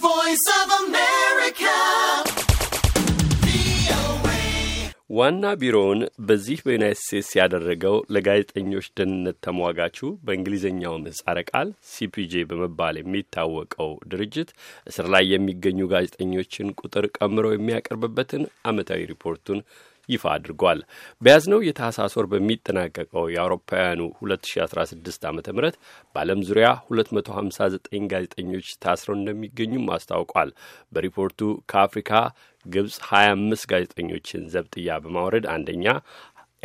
voice ዋና ቢሮውን በዚህ በዩናይት ስቴትስ ያደረገው ለጋዜጠኞች ደህንነት ተሟጋቹ በእንግሊዝኛው ምህጻረ ቃል ሲፒጄ በመባል የሚታወቀው ድርጅት እስር ላይ የሚገኙ ጋዜጠኞችን ቁጥር ቀምሮ የሚያቀርብበትን ዓመታዊ ሪፖርቱን ይፋ አድርጓል። በያዝነው የታህሳስ ወር በሚጠናቀቀው የአውሮፓውያኑ 2016 ዓ ም በዓለም ዙሪያ 259 ጋዜጠኞች ታስረው እንደሚገኙም አስታውቋል። በሪፖርቱ ከአፍሪካ ግብፅ 25 ጋዜጠኞችን ዘብጥያ በማውረድ አንደኛ፣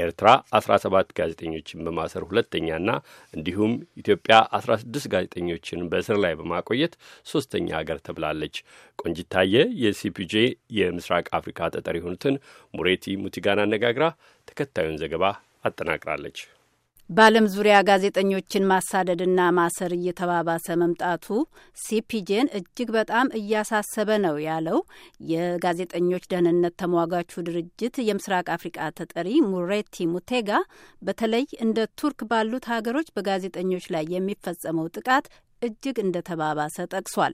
ኤርትራ 17 ጋዜጠኞችን በማሰር ሁለተኛና እንዲሁም ኢትዮጵያ 16 ጋዜጠኞችን በእስር ላይ በማቆየት ሶስተኛ ሀገር ተብላለች። ቆንጅታየ የሲፒጄ የምስራቅ አፍሪካ ተጠሪ የሆኑትን ሙሬቲ ሙቲጋን አነጋግራ ተከታዩን ዘገባ አጠናቅራለች። በዓለም ዙሪያ ጋዜጠኞችን ማሳደድና ማሰር እየተባባሰ መምጣቱ ሲፒጄን እጅግ በጣም እያሳሰበ ነው ያለው የጋዜጠኞች ደህንነት ተሟጋቹ ድርጅት የምስራቅ አፍሪቃ ተጠሪ ሙሬቲ ሙቴጋ በተለይ እንደ ቱርክ ባሉት ሀገሮች በጋዜጠኞች ላይ የሚፈጸመው ጥቃት እጅግ እንደተባባሰ ጠቅሷል።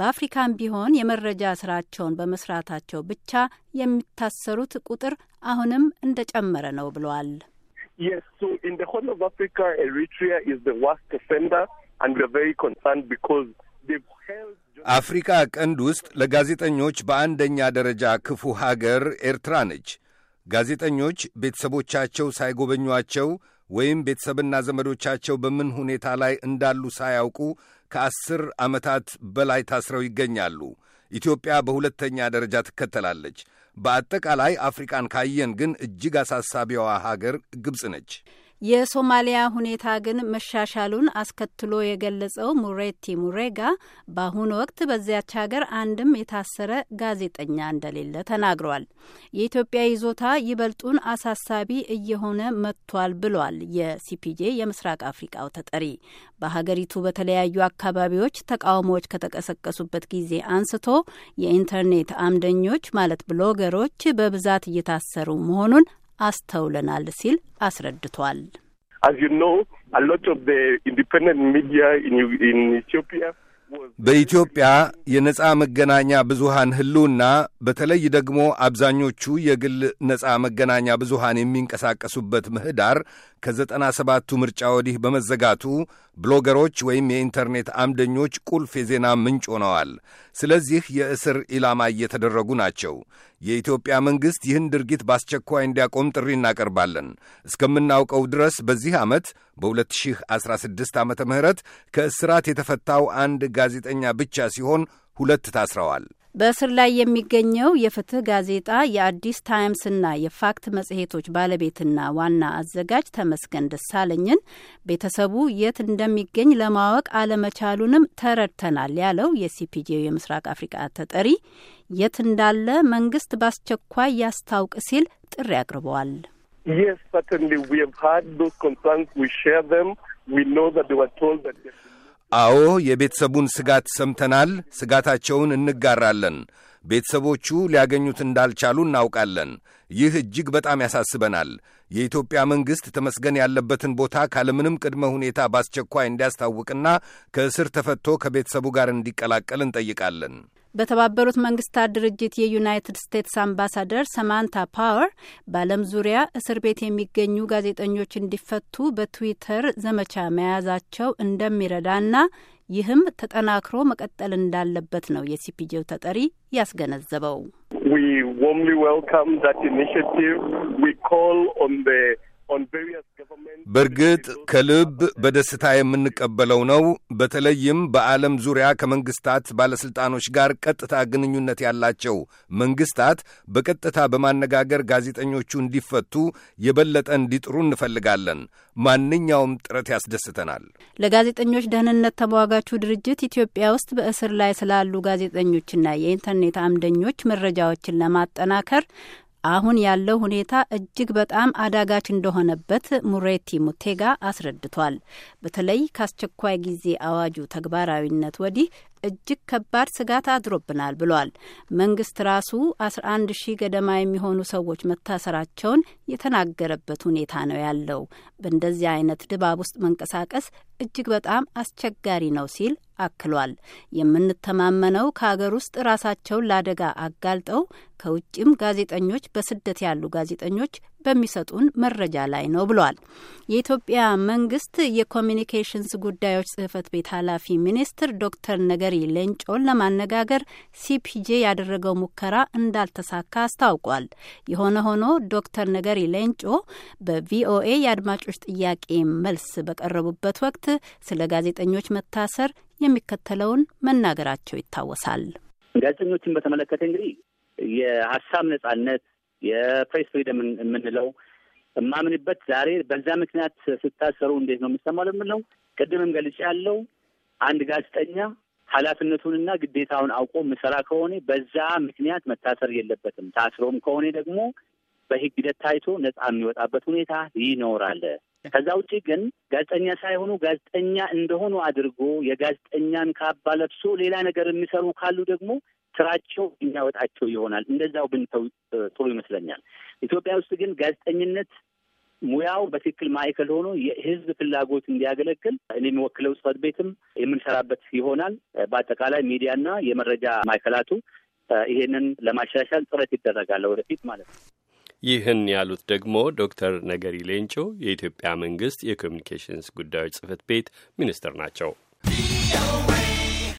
በአፍሪካም ቢሆን የመረጃ ስራቸውን በመስራታቸው ብቻ የሚታሰሩት ቁጥር አሁንም እንደጨመረ ነው ብሏል። Yes, so in the Horn of Africa, Eritrea is the worst offender, and we're very concerned because they've held. አፍሪካ ቀንድ ውስጥ ለጋዜጠኞች በአንደኛ ደረጃ ክፉ ሀገር ኤርትራ ነች። ጋዜጠኞች ቤተሰቦቻቸው ሳይጎበኟቸው ወይም ቤተሰብና ዘመዶቻቸው በምን ሁኔታ ላይ እንዳሉ ሳያውቁ ከአስር ዓመታት በላይ ታስረው ይገኛሉ። ኢትዮጵያ በሁለተኛ ደረጃ ትከተላለች። በአጠቃላይ አፍሪቃን ካየን ግን እጅግ አሳሳቢዋ ሀገር ግብፅ ነች። የሶማሊያ ሁኔታ ግን መሻሻሉን አስከትሎ የገለጸው ሙሬቲ ሙሬጋ በአሁኑ ወቅት በዚያች ሀገር አንድም የታሰረ ጋዜጠኛ እንደሌለ ተናግሯል። የኢትዮጵያ ይዞታ ይበልጡን አሳሳቢ እየሆነ መጥቷል ብሏል። የሲፒጄ የምስራቅ አፍሪቃው ተጠሪ በሀገሪቱ በተለያዩ አካባቢዎች ተቃውሞዎች ከተቀሰቀሱበት ጊዜ አንስቶ የኢንተርኔት አምደኞች ማለት ብሎገሮች በብዛት እየታሰሩ መሆኑን አስተውለናል ሲል አስረድቷል። በኢትዮጵያ የነጻ መገናኛ ብዙሃን ህልውና በተለይ ደግሞ አብዛኞቹ የግል ነጻ መገናኛ ብዙሃን የሚንቀሳቀሱበት ምህዳር ከዘጠና ሰባቱ ምርጫ ወዲህ በመዘጋቱ ብሎገሮች ወይም የኢንተርኔት አምደኞች ቁልፍ የዜና ምንጭ ሆነዋል። ስለዚህ የእስር ኢላማ እየተደረጉ ናቸው። የኢትዮጵያ መንግሥት ይህን ድርጊት በአስቸኳይ እንዲያቆም ጥሪ እናቀርባለን። እስከምናውቀው ድረስ በዚህ ዓመት በ2016 ዓ ም ከእስራት የተፈታው አንድ ጋዜጠኛ ብቻ ሲሆን ሁለት ታስረዋል። በእስር ላይ የሚገኘው የፍትህ ጋዜጣ የአዲስ ታይምስና የፋክት መጽሔቶች ባለቤትና ዋና አዘጋጅ ተመስገን ደሳለኝን ቤተሰቡ የት እንደሚገኝ ለማወቅ አለመቻሉንም ተረድተናል ያለው የሲፒጄው የምስራቅ አፍሪቃ ተጠሪ የት እንዳለ መንግስት በአስቸኳይ ያስታውቅ ሲል ጥሪ አቅርበዋል። Yes, certainly we have had those concerns. We share them. We know that they were told that... አዎ የቤተሰቡን ስጋት ሰምተናል። ስጋታቸውን እንጋራለን። ቤተሰቦቹ ሊያገኙት እንዳልቻሉ እናውቃለን። ይህ እጅግ በጣም ያሳስበናል። የኢትዮጵያ መንግሥት ተመስገን ያለበትን ቦታ ካለምንም ቅድመ ሁኔታ በአስቸኳይ እንዲያስታውቅና ከእስር ተፈቶ ከቤተሰቡ ጋር እንዲቀላቀል እንጠይቃለን። በተባበሩት መንግስታት ድርጅት የዩናይትድ ስቴትስ አምባሳደር ሰማንታ ፓወር በዓለም ዙሪያ እስር ቤት የሚገኙ ጋዜጠኞች እንዲፈቱ በትዊተር ዘመቻ መያዛቸው እንደሚረዳና ይህም ተጠናክሮ መቀጠል እንዳለበት ነው የሲፒጄው ተጠሪ ያስገነዘበው። በእርግጥ ከልብ በደስታ የምንቀበለው ነው። በተለይም በዓለም ዙሪያ ከመንግስታት ባለሥልጣኖች ጋር ቀጥታ ግንኙነት ያላቸው መንግስታት በቀጥታ በማነጋገር ጋዜጠኞቹ እንዲፈቱ የበለጠ እንዲጥሩ እንፈልጋለን። ማንኛውም ጥረት ያስደስተናል። ለጋዜጠኞች ደህንነት ተሟጋቹ ድርጅት ኢትዮጵያ ውስጥ በእስር ላይ ስላሉ ጋዜጠኞችና የኢንተርኔት አምደኞች መረጃዎችን ለማጠናከር አሁን ያለው ሁኔታ እጅግ በጣም አዳጋች እንደሆነበት ሙሬቲ ሙቴጋ አስረድቷል። በተለይ ከአስቸኳይ ጊዜ አዋጁ ተግባራዊነት ወዲህ እጅግ ከባድ ስጋት አድሮብናል ብሏል። መንግስት ራሱ 11 ሺህ ገደማ የሚሆኑ ሰዎች መታሰራቸውን የተናገረበት ሁኔታ ነው ያለው። በእንደዚህ አይነት ድባብ ውስጥ መንቀሳቀስ እጅግ በጣም አስቸጋሪ ነው ሲል አክሏል። የምንተማመነው ከሀገር ውስጥ ራሳቸውን ለአደጋ አጋልጠው ከውጭም ጋዜጠኞች፣ በስደት ያሉ ጋዜጠኞች በሚሰጡን መረጃ ላይ ነው ብሏል። የኢትዮጵያ መንግስት የኮሚኒኬሽንስ ጉዳዮች ጽህፈት ቤት ኃላፊ ሚኒስትር ዶክተር ነገሪ ሌንጮን ለማነጋገር ሲፒጄ ያደረገው ሙከራ እንዳልተሳካ አስታውቋል። የሆነ ሆኖ ዶክተር ነገሪ ሌንጮ በቪኦኤ የአድማጮች ጥያቄ መልስ በቀረቡበት ወቅት ስለ ጋዜጠኞች መታሰር የሚከተለውን መናገራቸው ይታወሳል። ጋዜጠኞችን በተመለከተ እንግዲህ የሀሳብ ነጻነት የፕሬስ ፍሪደም የምንለው የማምንበት ዛሬ በዛ ምክንያት ስታሰሩ እንዴት ነው የሚሰማው ለምንለው ቅድምም ገልጽ ያለው አንድ ጋዜጠኛ ኃላፊነቱንና ግዴታውን አውቆ ምሰራ ከሆነ በዛ ምክንያት መታሰር የለበትም። ታስሮም ከሆነ ደግሞ በህግ ሂደት ታይቶ ነጻ የሚወጣበት ሁኔታ ይኖራል። ከዛ ውጭ ግን ጋዜጠኛ ሳይሆኑ ጋዜጠኛ እንደሆኑ አድርጎ የጋዜጠኛን ካባ ለብሶ ሌላ ነገር የሚሰሩ ካሉ ደግሞ ስራቸው የሚያወጣቸው ይሆናል። እንደዛው ብንተው ጥሩ ይመስለኛል። ኢትዮጵያ ውስጥ ግን ጋዜጠኝነት ሙያው በትክክል ማዕከል ሆኖ የህዝብ ፍላጎት እንዲያገለግል እኔ የሚወክለው ጽሕፈት ቤትም የምንሰራበት ይሆናል። በአጠቃላይ ሚዲያና የመረጃ ማዕከላቱ ይሄንን ለማሻሻል ጥረት ይደረጋል ወደፊት ማለት ነው። ይህን ያሉት ደግሞ ዶክተር ነገሪ ሌንጮ የኢትዮጵያ መንግስት የኮሚኒኬሽንስ ጉዳዮች ጽህፈት ቤት ሚኒስትር ናቸው።